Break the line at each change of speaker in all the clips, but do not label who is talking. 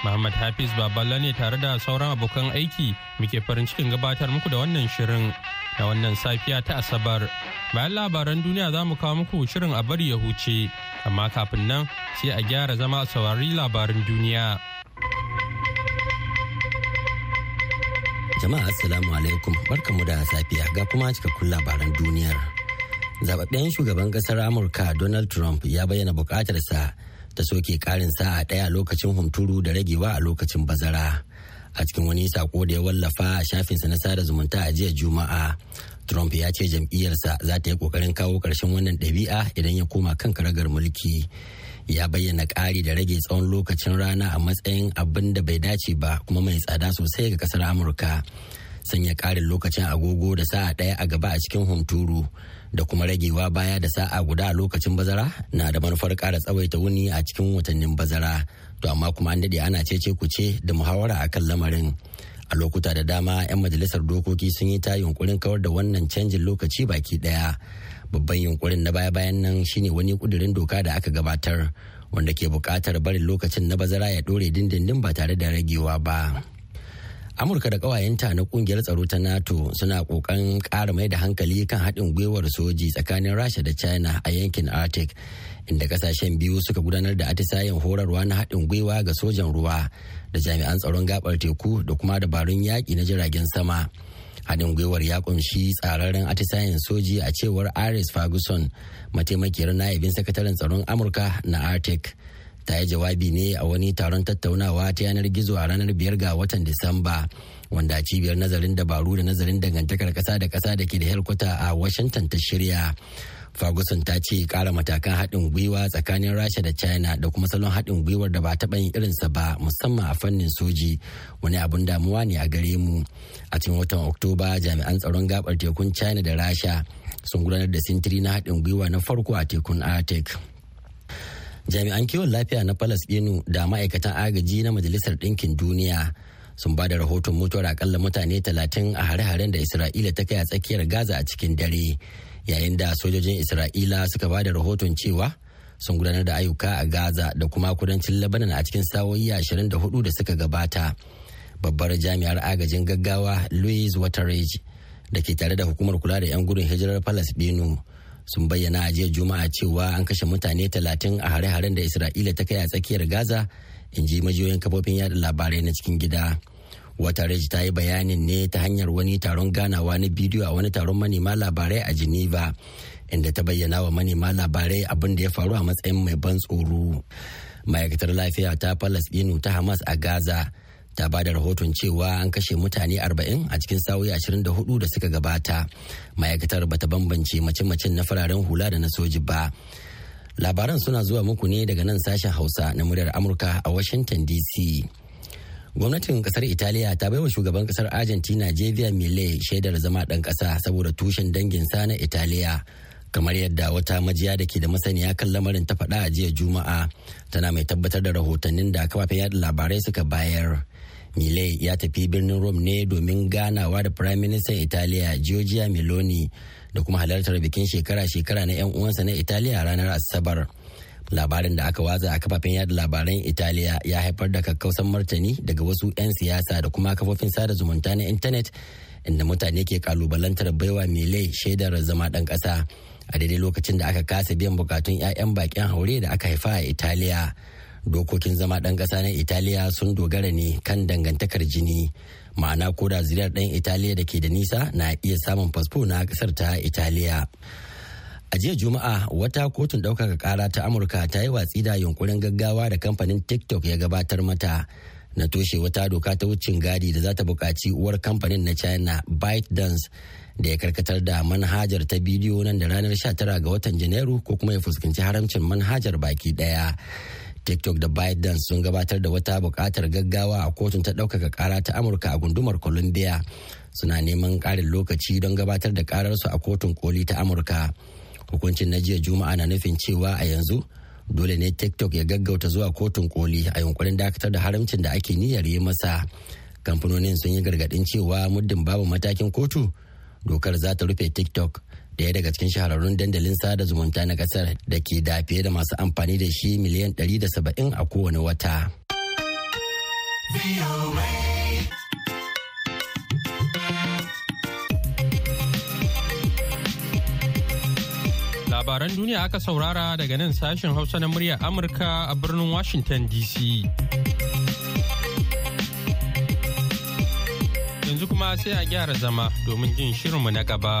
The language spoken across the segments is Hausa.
Muhammad Hafiz Baballa ne tare da sauran abokan aiki muke farin cikin gabatar muku da wannan shirin da wannan safiya ta Asabar. Bayan labaran duniya za mu kawo muku shirin a bari ya huce, amma kafin nan sai a gyara zama a saurari labarin duniya.
Jama'a Assalamu alaikum barkamu da safiya ga kuma cikakkun labaran duniyar. Zababben shugaban kasar Amurka Donald Trump ya bayyana bukatarsa da soke karin sa'a ɗaya lokacin hunturu da ragewa a lokacin bazara a cikin wani sako da ya wallafa a shafinsa na sada zumunta a jiya juma'a trump ya ce jam'iyyarsa za ta yi kokarin kawo ƙarshen wannan ɗabi'a idan ya koma kan karagar mulki ya bayyana ƙari da rage tsawon lokacin rana a matsayin abin da bai dace ba kuma mai tsada sosai ga ƙasar amurka sanya ƙarin lokacin agogo da sa'a ɗaya a gaba a cikin hunturu da kuma ragewa baya da sa'a guda a lokacin bazara na da manufar ƙara tsawaita wuni a cikin watannin bazara to amma kuma an daɗe ana cece kuce da muhawara a kan lamarin a lokuta da dama 'yan majalisar dokoki sun yi ta yunkurin kawar da wannan canjin lokaci baki ɗaya babban yunkurin na baya-bayan nan shine wani kudirin doka da aka gabatar wanda ke buƙatar barin lokacin na bazara ya ɗore dindindin ba tare da ragewa ba. amurka da ƙawayenta na ƙungiyar tsaro ta nato suna ƙoƙarin ƙara mai da hankali kan haɗin gwiwar soji tsakanin rasha da china a yankin arctic inda ƙasashen biyu suka gudanar da atisayen horarwa na haɗin gwiwa ga sojan ruwa da jami'an tsaron gabar teku da kuma dabarun yaƙi na jiragen sama haɗin gwiwar ya ƙunshi tsararren atisayen soji a cewar aris ferguson mataimakiyar na'ibin sakataren tsaron amurka na arctic ta yi jawabi ne a wani taron tattaunawa ta yanar gizo a ranar biyar ga watan Disamba wanda cibiyar nazarin dabaru da nazarin dangantakar kasa da kasa da ke da helkwata a Washington ta shirya. Ferguson ta ce kara matakan haɗin gwiwa tsakanin Rasha da China da kuma salon haɗin gwiwar da ba taɓa yin irinsa ba musamman a fannin soji wani abun damuwa ne a gare mu. A cikin watan Oktoba jami'an tsaron gabar tekun China da Rasha sun gudanar da sintiri na haɗin gwiwa na farko a tekun Arctic. jami'an kiwon lafiya na d'Inu da ma'aikatan agaji na majalisar ɗinkin duniya sun ba da rahoton mutuwar akalla mutane 30 a hare-haren da isra'ila ta kai a tsakiyar gaza a cikin dare yayin da sojojin isra'ila suka ba da rahoton cewa sun gudanar da ayyuka a gaza da kuma kudancin labanan a cikin sawoyi 24 da suka gabata babbar jami'ar agajin gaggawa louise waterage da ke tare da hukumar kula da 'yan gudun hijirar d'Inu. sun bayyana a jiya juma'a cewa an kashe mutane talatin a hare-haren da isra'ila ta kai a tsakiyar gaza in ji majiyoyin kafofin yada labarai na cikin gida Wata watarej ta yi bayanin ne ta hanyar wani taron ganawa na bidiyo a wani taron manema labarai a geneva inda ta bayyana wa manema labarai abin da ya faru a matsayin mai ban tsoro ma'aikatar lafiya ta falasɗinu ta hamas a gaza ta ba da rahoton cewa an kashe mutane 40 a cikin sauyi 24 da suka gabata ma'aikatar bata bambance mace-macen na fararen hula da na soji ba labaran suna zuwa muku ne daga nan sashen hausa na muryar amurka a washington dc gwamnatin kasar italiya ta baiwa shugaban kasar argentina javier milei shaidar zama ɗan ƙasa saboda tushen danginsa na italiya kamar yadda wata majiya da ke da masaniya kan lamarin ta faɗa a jiya juma'a tana mai tabbatar da rahotannin da kafafen yada labarai suka bayar Milei ya tafi birnin Rome ne domin ganawa da Firaministan Italiya Giorgia Meloni da kuma halartar bikin shekara-shekara na 'yan uwansa na Italiya ranar Asabar. Labarin da aka watsa a kafafen yada labaran Italiya ya haifar da kakkausan martani daga wasu 'yan siyasa da kuma kafofin sada zumunta na intanet inda mutane ke kalubalantar baiwa Milei shaidar zama ɗan ƙasa a daidai lokacin da aka kasa biyan bukatun 'ya'yan bakin haure da aka haifa a Italiya. dokokin zama ɗan ƙasa na italiya sun dogara ne kan dangantakar jini ma'ana ko da zuriyar ɗan italiya da ke da nisa na iya samun fasfo na ƙasar ta italiya a jiya juma'a wata kotun ɗaukaka ƙara ta amurka ta yi watsi da yunkurin gaggawa da kamfanin tiktok ya gabatar mata na toshe wata doka ta wucin gadi da za ta buƙaci uwar kamfanin na china ByteDance da ya karkatar da manhajar ta bidiyo nan da ranar 19 ga watan janairu ko kuma ya fuskanci haramcin manhajar baki ɗaya tiktok da biden sun gabatar da wata bukatar gaggawa a kotun ta ɗaukaka ƙara ta amurka a gundumar columbia suna neman ƙarin lokaci don gabatar da ƙararsu a kotun koli ta amurka hukuncin na jiya juma'a na nufin cewa a yanzu dole ne tiktok ya gaggauta zuwa kotun koli a yunkurin dakatar da haramcin da ake niyyar yi masa kamfanonin sun yi gargadin cewa muddin babu matakin kotu dokar za ta rufe tiktok Daya daga cikin shahararrun dandalin sada zumunta na kasar da ke da fiye da masu amfani da shi miliyan 170 a kowane wata.
Labaran duniya aka saurara daga nan sashen Hausa na muryar Amurka a birnin Washington DC. yanzu kuma sai a gyara zama domin jin shirinmu na gaba.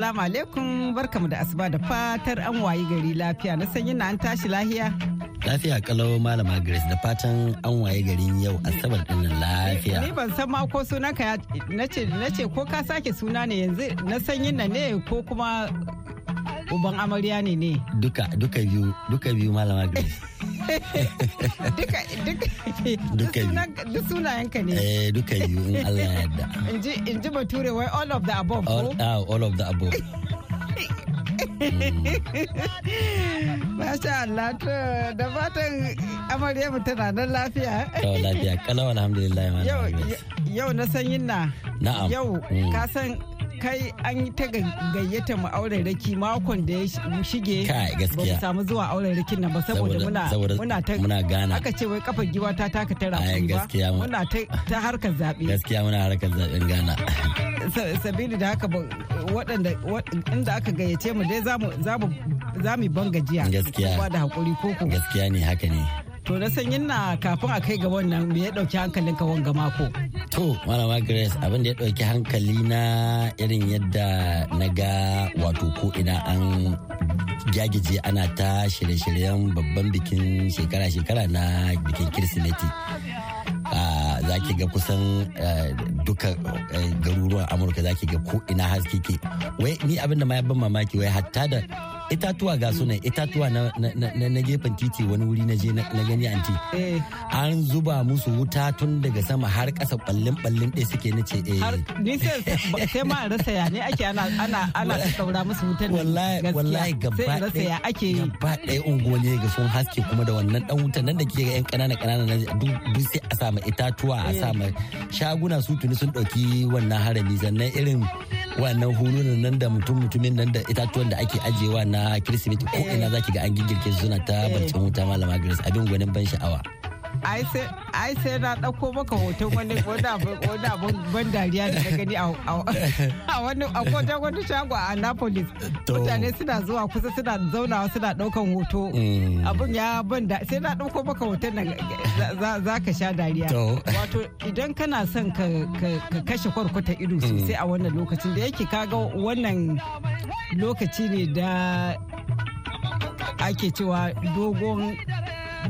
Assalamu alaikum barkamu da asuba da fatar an wayi gari lafiya na san na an tashi lahiya.
Lafiya kalau malama Grace da fatan an waye garin yau asabar dinnan lafiya. Ni
ban san ma ko suna ka nace nace ko ka sake suna ne yanzu na sanyin nan ne ko kuma uban amarya ne ne.
Duka duka biyu duka biyu malama Grace.
duka duk sunayenka ne eh duka yi in Allah ya yarda inji ji bature wai all of the above all,
uh, all of the above
hmm. Masha Allah to da fatan amaryamu tana nan lafiya. Yau lafiya
kalau alhamdulillah.
Yau na sanyin na. Na'am. Yau hmm. ka san kai an yi ta gayyata mu auren raki makon da ya shige ba mu samu zuwa auren rakin nan ba saboda muna muna ta muna gana aka ce wai kafar giwa ta taka tara ba muna ta harkar zabe
gaskiya muna harkar zaben gana
sabili da haka waɗanda inda aka gayyace mu dai za mu za mu ban gajiya gaskiya ba da hakuri koko gaskiya ne haka ne To na san na kafin a kai ga wannan me ya dauki hankalin ka wanga mako. To
malama Grace abin da ya dauki hankali na irin yadda na ga wato ko ina an gyagije ana ta shirye-shiryen babban bikin shekara-shekara na bikin Kirsimeti. za ki ga kusan duka garuruwan amurka za ki ga ko ina haske ke wai ni abin da ma ya ban mamaki wai hatta da itatuwa ga su itatuwa na gefen titi wani wuri na je na gani anti eh. an zuba musu wuta tun daga sama har kasa ballin ballin ɗaya suke na ce
eh sai ma rasa ya ne ake ana ana ana saura musu wutar wallahi wallahi gaba ɗaya ake yi
gaba ɗaya unguwanni ga sun haske kuma da wannan dan wutar nan da ke ga yan kanana kanana na duk sai a sama itatuwa a sama eh. shaguna su tuni sun ɗauki wannan harami sannan irin wannan hulunan nan da mutum mutumin nan da itatuwan da ake ajiyewa na kirsimeti ko ina zaki ga an gingirke suna ta barcin wuta malama grace abin gwanin ban sha'awa
ai sai na ɗauko maka hoton wani abin ban dariya da na gani a wani akwata wani shago a annapolis mutane suna zuwa kusa suna zaunawa suna ɗaukan hoto mm. abin ya ban da sai na ɗauko maka hoton nan za ka sha dariya wato idan kana son ka kashe kwarkwata ido mm. sosai a wannan lokacin da yake kaga wannan lokaci ne da ake cewa dogon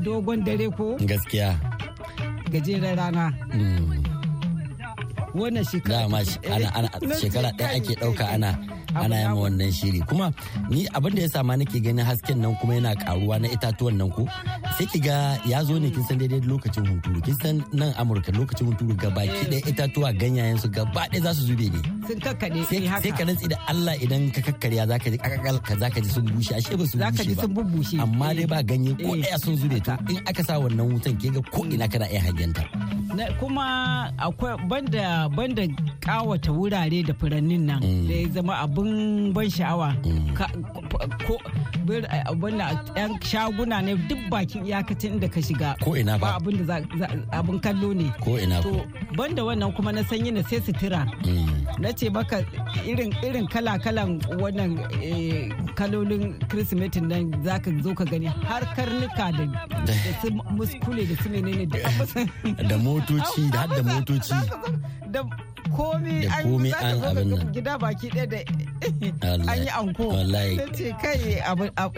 dogon dare ko gaskiya gajeren rana mm. wannan shekara
ana eh, shekara ɗaya ake ɗauka ana ana yama wannan shiri kuma ni abin da ya sama nake ganin hasken nan kuma yana karuwa na itatuwan nan ko sai ki ga ya zo ne kin san daidai lokacin hunturu kin san nan amurka lokacin hunturu gaba ki da eh. itatuwa ganyayen su gaba ɗaya za su zube ne
sun kakkare sai eh, haka sai ka rantsi
da Allah idan ka kakkarya zaka ji kakakal ka zaka ji sun bushe ashe ba su bushe ba amma dai ba ganye ko eh. ɗaya sun zube to in aka sa wannan wutan ke ga ko ina kana iya hangenta
kuma akwai banda banda kawata wurare da furannin nan mm. da ya zama abin ban sha'awa mm. Eh, yan shaguna ne duk bakin iyakacin da ka shiga ko ina ba abin da abin kallo ne ko ina to banda wannan kuma na sanyi na sai sutura mm. na ce maka irin irin kala kalan wannan eh, kalolin kirsimetin nan zaka zo ka gani har karnuka da su muskule da su menene da motoci da har da motoci komi an komi an abin nan gida baki ɗaya da an yi anko wallahi ce kai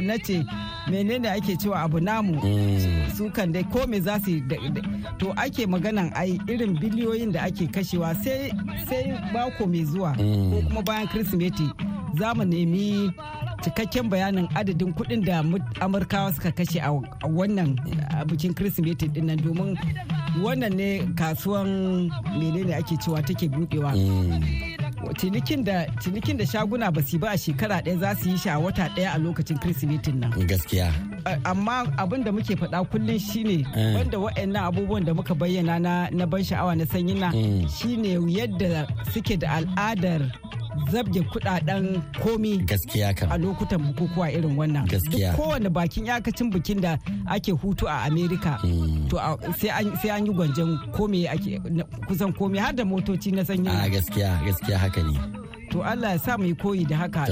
na ce menene ake cewa abu namu mm. su kan dai ko me za su to ake maganan ai irin biliyoyin da ake kashewa sai bako mai zuwa ko mm. kuma bayan kirsimeti za mu nemi cikakken bayanin adadin kudin da amurkawa suka kashe a wannan bikin kirsimeti dinnan domin wannan ne kasuwan menene ake cewa take budewa mm. cinikin da shaguna ba su ba a shekara ɗaya za su yi shi a wata ɗaya a lokacin kirsimetin nan gaskiya amma abin da muke faɗa kullum shine eh. wanda wa'annan abubuwan da muka bayyana na ban sha'awa na sanyi na mm. shine yadda suke da al'adar zabge kudaden komi gaskiya a lokutan bukukuwa irin wannan gaskiya kowane bakin yakacin bikin da ake hutu a america hmm. to sai an yi gwanjan komi ake kusan komi har da motoci na sanyi a
gaskiya gaskiya haka ne
to Allah ya sa mu yi koyi da haka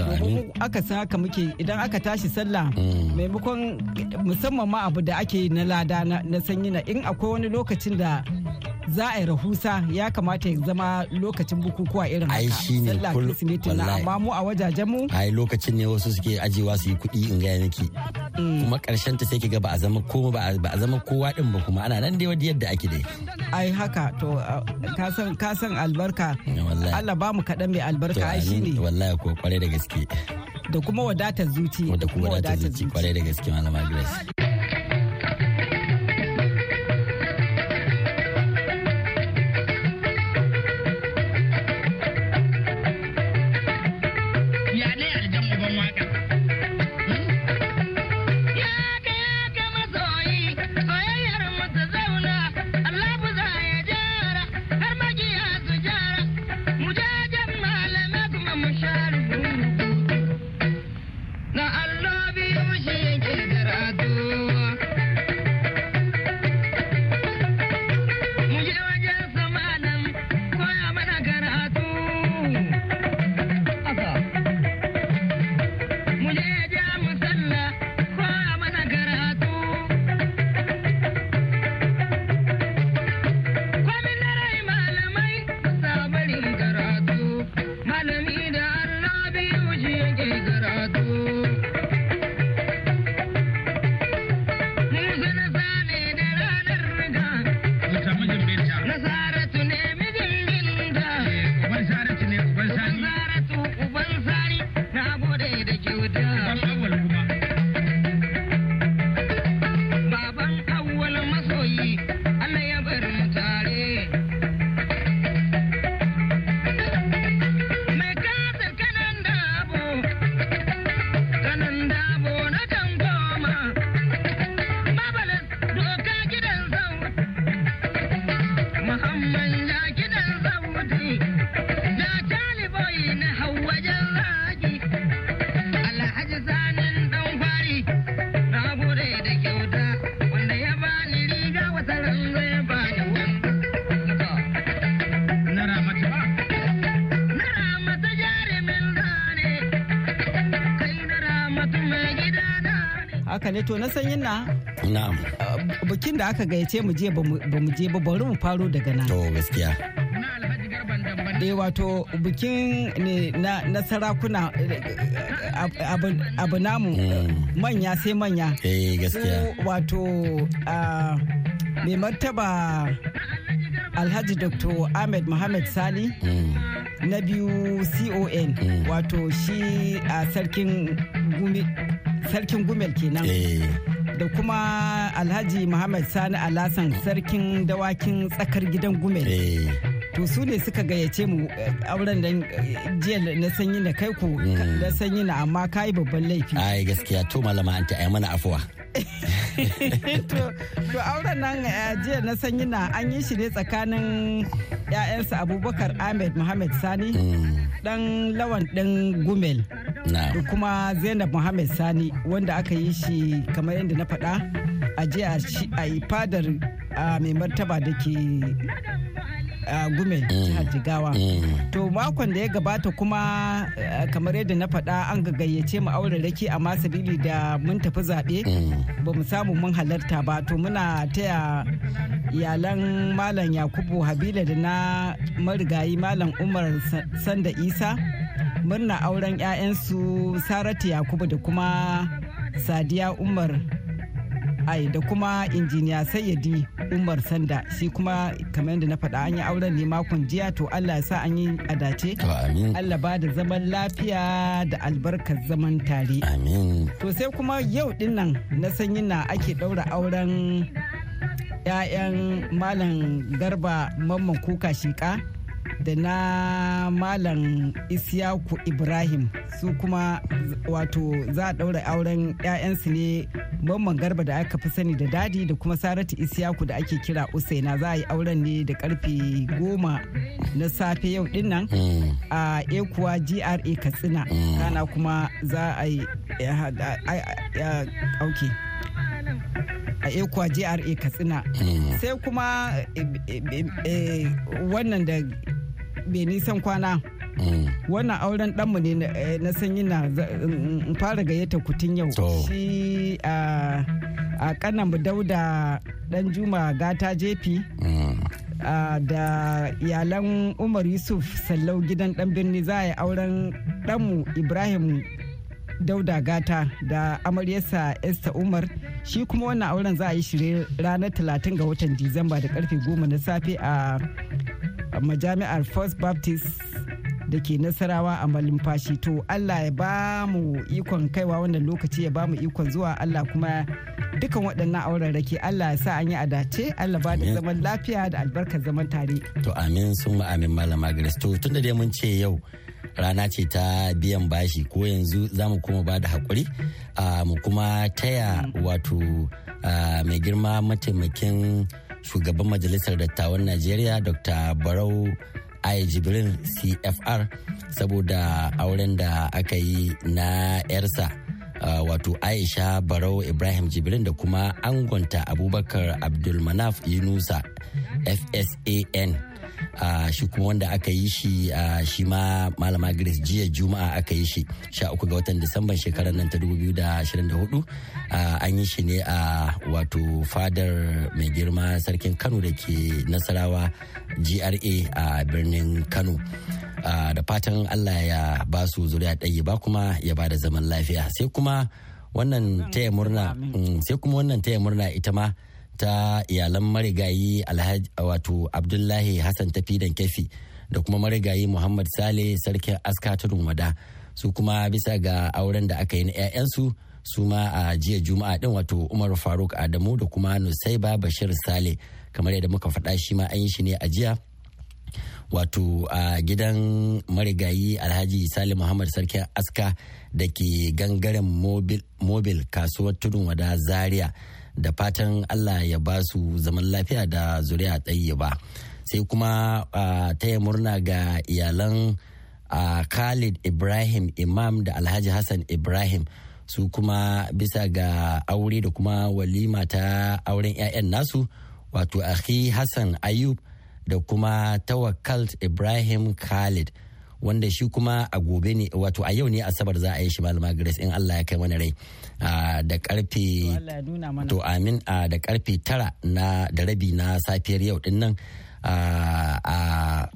aka san haka muke idan aka tashi sallah hmm. maimakon musamman ma abu da ake yi na lada na sanyi na in akwai wani lokacin da za a yi rahusa ya kamata ya zama lokacin bukukuwa irin haka. shi ne amma mu a wajajen mu.
Ai lokacin ne wasu suke ajiyewa su yi kuɗi in gaya niki. Mm. Kuma karshen ta sai ki ga ba a zama kowa ba a zama kowa din ba kuma ana nan dai
wadda yadda ake dai. Ai haka to ka san albarka. Allah ba mu kaɗan mai albarka ai shi ne. Wallahi ko kwarai da gaske. Da kuma wadatar zuci. Da kuma wadatar zuci kwarai da gaske malama Grace. ne eh, to na san yin na na'am eh, bikin da aka gayyace mu je ba mu je ba bari mu faro daga nan to gaskiya eh wato bikin ne na sarakuna eh, abu namu hmm. manya sai manya eh gaskiya wato ah, mai martaba alhaji dr ahmed mohamed sani hmm. na biyu con hmm. wato shi a ah, sarkin gumi sarkin gumel kenan eh. da kuma alhaji muhammad sani alasan sarkin dawakin tsakar gidan gumel eh. to su ne suka gayyace mu eh, auren da jiya na sanyi na kai ku hmm. na sanyi na amma kayi babban laifi ai gaskiya to malama an ta mana afuwa to auren nan eh, jiya na sanyi na an yi shi ne tsakanin 'ya'yansa abubakar ahmed muhammad sani dan mm. lawan ɗin gumel da kuma zainab muhammad sani wanda aka yi shi kamar yadda na faɗa a jiya a fadar mai martaba da ke gume jihar jigawa to makon da ya gabata kuma eh, kamar yadda na faɗa an gayyace mu aure rake amma sabili da mun tafi zaɓe ba mu samu mun halarta ba to muna taya iyalan malam yakubu habila da na marigayi malam umar sanda isa murna auren 'ya'yansu saratu yakubu da kuma sadiya umar ai da kuma injiniya sayyadi umar sanda shi kuma kamar yadda na faɗa an yi auren ne makon jiya to allah ya sa an yi a dace allah ba da zaman lafiya da albarkar zaman tare to sai kuma yau din nan na sanyi na ake ɗaura auren 'ya'yan malam garba mamman kuka shika da na malam isyaku ibrahim su kuma wato za a ɗaura auren 'ya'yansu ne mamman garba da aka fi sani da dadi da kuma saratu isyaku da ake kira usaina za a yi auren ne da karfe goma na safe yau dinnan mm. a ekuwa gra katsina rana mm. kuma za a yi auke a ekuwa gra katsina mm. sai kuma eh, eh, eh, wannan da bai nisan kwana mm. wannan auren ɗanmu ne na sanyi eh, na fara gayyata kutun yau shi a kanan dauda dan juma gata jefi mm. da iyalan umar yusuf sallau gidan dan birni za a yi auren ɗanmu ibrahim dauda gata da amaryarsa esther umar shi kuma wannan auren za a yi shirin ranar 30 ga watan disamba da karfe 10 na safe a majami'ar first baptist da ke nasarawa a malumfashi to allah ya ba mu ikon kaiwa wannan lokaci ya ba mu ikon zuwa allah kuma dukan waɗannan auren rake allah ya sa an yi adace allah ba da zaman lafiya da albarkar zaman tare
to amin sun amin malama grace to tun da dai mun ce yau rana ce ta biyan bashi ko yanzu za mu kuma ba da haƙuri mu kuma taya wato mai girma mataimakin shugaban majalisar dattawan najeriya dr barau aya jibril cfr saboda auren da aka yi na yarsa uh, wato aisha barau ibrahim jibril da kuma angonta abubakar abdulmanaf yunusa fsan A shi kuma wanda aka yi shi a shi ma malama grace jiya juma'a aka yi shi sha uku ga watan disamban shekarar nan ta 2024 an yi shi ne a wato fadar mai girma sarkin kano da ke nasarawa gra a birnin kano da fatan allah ya ba su zuriya ɗaya ba kuma ya ba da zaman lafiya sai kuma wannan taya mm, sai kuma wannan taya murna ita ma ta iyalan marigayi alhaji wato abdullahi hassan tafi dan kefi da kuma marigayi muhammad sale sarkin aska tudun wada su kuma bisa ga auren da aka yi na 'ya'yansu su ma a jiya juma'a din wato umar faruk adamu da kuma nusaiba bashir sale kamar yadda muka faɗa shi ma an yi shi ne a jiya wato a gidan marigayi alhaji sale muhammad sarkin aska da ke gangaren mobil kasuwar tudun wada zaria da fatan Allah ya ba su zaman lafiya da zuriya ɗaya ba sai kuma taya murna ga iyalan Khalid Ibrahim Imam da Alhaji Hassan Ibrahim su kuma bisa ga aure da kuma walima ta auren 'ya'yan nasu wato akhi Hassan Ayub da kuma Tawakkalt Ibrahim Khalid. wanda shi kuma a gobe ne wato a yau ne asabar za a yi shi malama grace in allah ya kai wani rai da karfe to amin da karfe tara na da rabi na safiyar yau din nan a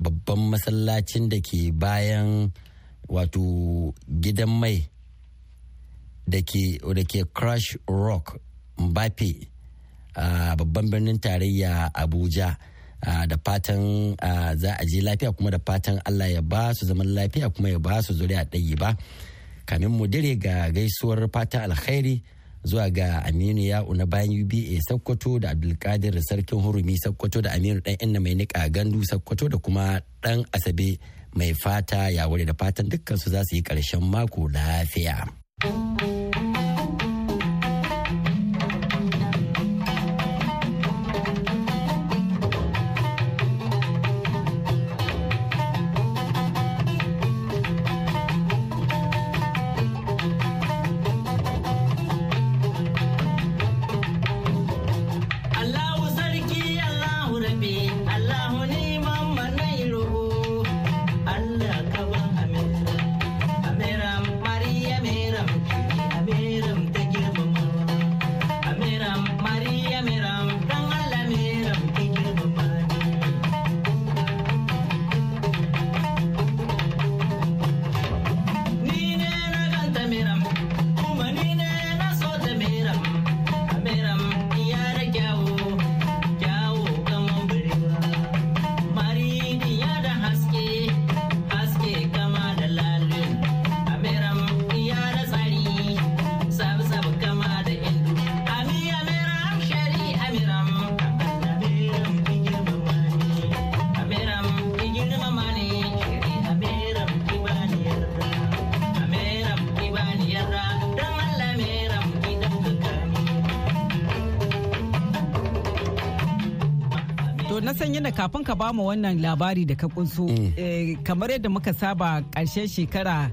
babban masallacin da ke bayan wato gidan mai da ke crash rock mbappe a babban birnin tarayya abuja da fatan za a je lafiya kuma da fatan Allah ya ba su zaman lafiya kuma ya ba su a ɗayi ba kamin mu dire ga gaisuwar fatan alkhairi zuwa ga aminu ya na bayan uba Sokoto da abdulkadir sarkin hurumi Sokoto da aminu ɗan inna mai niƙa gandu Sokoto da kuma ɗan asabe mai fata ya wuri da fatan dukkan su za su yi ƙarshen mako lafiya.
yana kafin ka bamu wannan labari da ka kunso mm. eh, kamar yadda muka saba ƙarshen shekara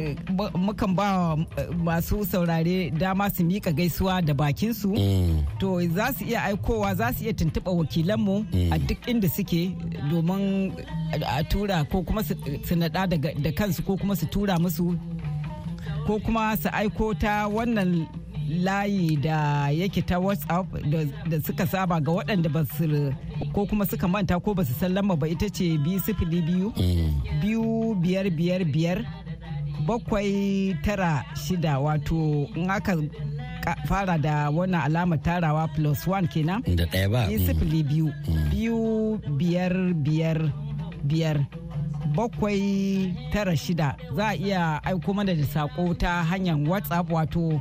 eh, mukan ba eh, masu saurare dama su mika gaisuwa da bakinsu mm. to za su iya aikowa za su iya tuntuɓa wakilanmu mm. a duk inda suke domin a tura ko kuma su naɗa da kansu ko kuma su tura musu ko kuma su aiko ta wannan layi da yake ta whatsapp da suka saba ga waɗanda ba su ko kuma suka manta ko ba su san lamba ba ita ce biyu sifili biyu biyu biyar biyar biyar bakwai tara shida wato in aka fara da wannan alamar tarawa plus one kenan da ɗaya ba biyu sifili biyu biyu biyar biyar biyar bakwai tara shida za a iya aiko mana da saƙo ta hanyar whatsapp wato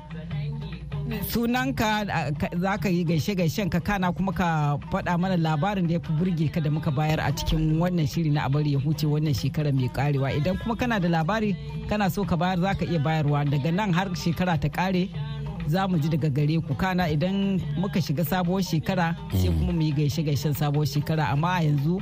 sunanka za ka yi gaishe-gaishen ka kana kuma ka faɗa mana labarin da ya fi burge ka da muka bayar a cikin wannan shiri na abar ya huce wannan shekara mai karewa idan kuma kana da labari kana so ka bayar za ka iya bayarwa daga nan har shekara ta kare za mu ji daga gare ku kana idan muka shiga sabuwar shekara sai mm. kuma mu yi gaishe-gaishen sabuwar shekara amma a yanzu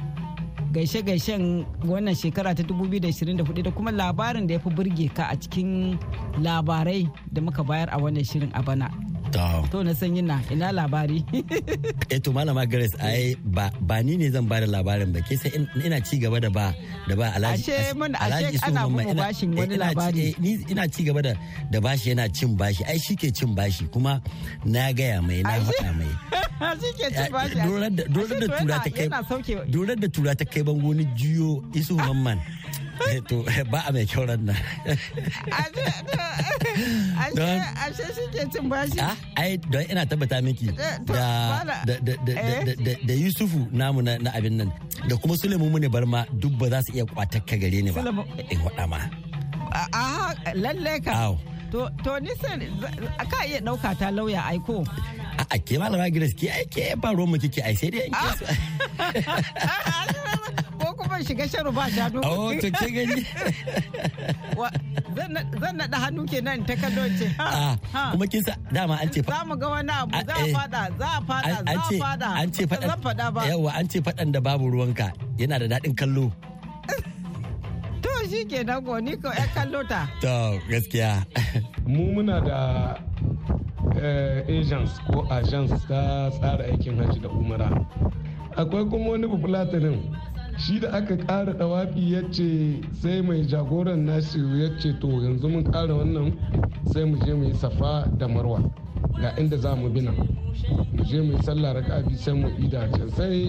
gaishe-gaishen wannan shekara ta 2024 da kuma labarin da ya fi burge ka a cikin labarai da muka bayar a wannan shirin a bana To na san yana ina labari.
eh to malama Grace ai ba ni ne zan bada labarin ba ke sai ina ci gaba da ba da ba Alhaji Ashe mun ashe ana kuma bashin eh, wani labari. Eh, ina ci gaba da da bashi yana cin bashi ai shike cin bashi kuma na gaya mai na faɗa mai.
Shi cin eh, bashi. Dorar da tura ta kai.
Dorar da tura ta kai bango ni jiyo isu mamman. Eh, to eh, ba a mai kyau ran nan
ashe shi cin bashi ah,
ai don ina tabbata miki eh, da yusufu namu na abin nan da kuma sulemu mu ne barma duk ba za su iya ka gare ni ba in waɗa
ma a ah, ah, lalle ka to ni sai ka iya ɗauka ta lauya aiko
a ke malama grace ke ai ke ba ruwan mu kike ai sai dai
in kuma shiga sharu ba shanu. Oh, to ke gani. Zan naɗa hannu nan ta kado ce. Ah, kuma
kin sa dama an ce. Za mu ga wani abu ah, za a eh. fada
za a fada za a fada. An ce faɗan. Zan
faɗa ba. Yawwa an ce faɗan da babu ruwanka yana da daɗin kallo.
To shi ke ko ni ko ya kallo ta.
To gaskiya. Mu muna da eh, agents ko agents ta tsara aikin hajji da umara akwai kuma wani bufulatanin shi da aka ƙara ɗawafi ya ce sai mai jagoran nasiru ya ce to yanzu mun ƙara wannan sai mu je mu yi safa da marwa ga inda za mu bina mu je mu yi sallah raka bi sai mu ida can sai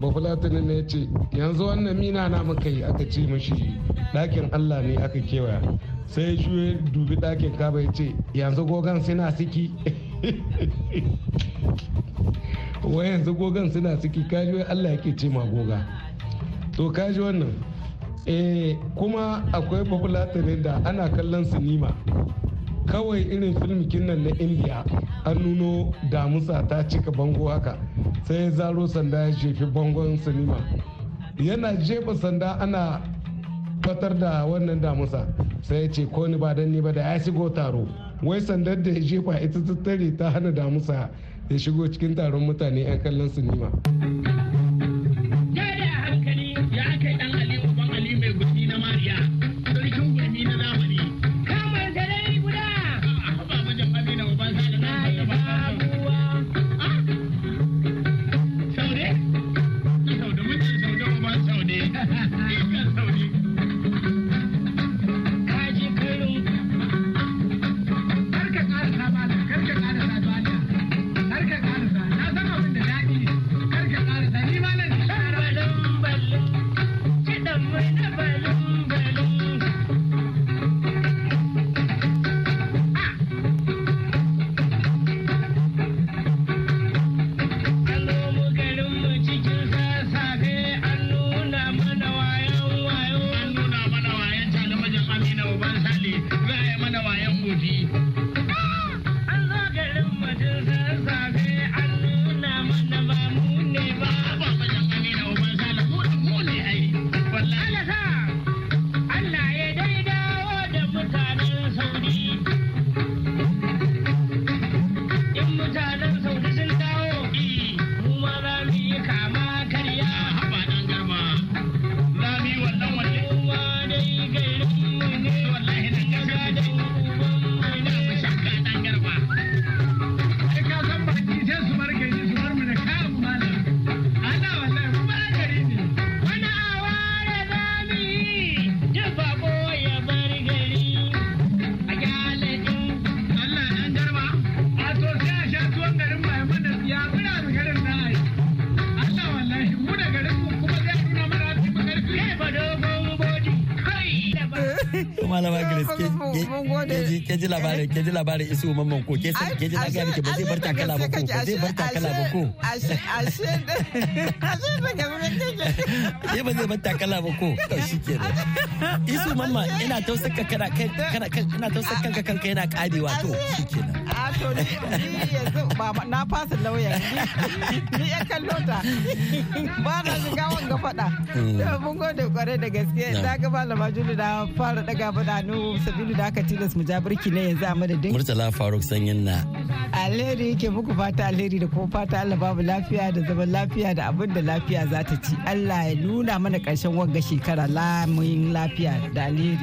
bafulatani ne ya ce yanzu wannan mina na muka yi aka ce mashi ɗakin allah ne aka kewaya sai shi ya dubi ɗakin kaba ya ce yanzu gogon suna siki wai yanzu gogon suna siki kaji allah yake ce ma goga to kaji wannan eh kuma akwai ne da ana kallon sinima kawai irin filmikin nan na indiya an nuno damusa ta cika bango haka sai ya zaro sanda ya jefi bangon sinima yana jefa sanda ana fatar da wannan damusa sai ya ce ko ni ba dan ni ba da ya shigo taro wai sandar da ya jefa ita ta ta hana damusa ya shigo cikin taron mutane 'yan kallon sinima.
ke ji labarin ke ji labarin isu mamman ko ke san ke ji na ke ba zai bar takala ba ko ba zai bar takala ba ko
ashe ke
ba zai bar takala ba ko to shi ke shikenan isu mamma ina tausaka kana kai kana ina tausaka kanka yana kadewa to shi
ke nan to ni yanzu ba na fasa lauya ni ya kallo ta ba na shiga wanga faɗa hmm. mun gode da gaske da ga malama juli da fara daga faɗa nu sabili da aka tilas mu ja birki ne yanzu a madadin murtala
faruk sanyin na
alheri yake muku fata alheri da kuma fata Allah babu lafiya da zaman lafiya da abin da lafiya za ta ci Allah ya nuna mana karshen wagga shekara lamun lafiya da alheri.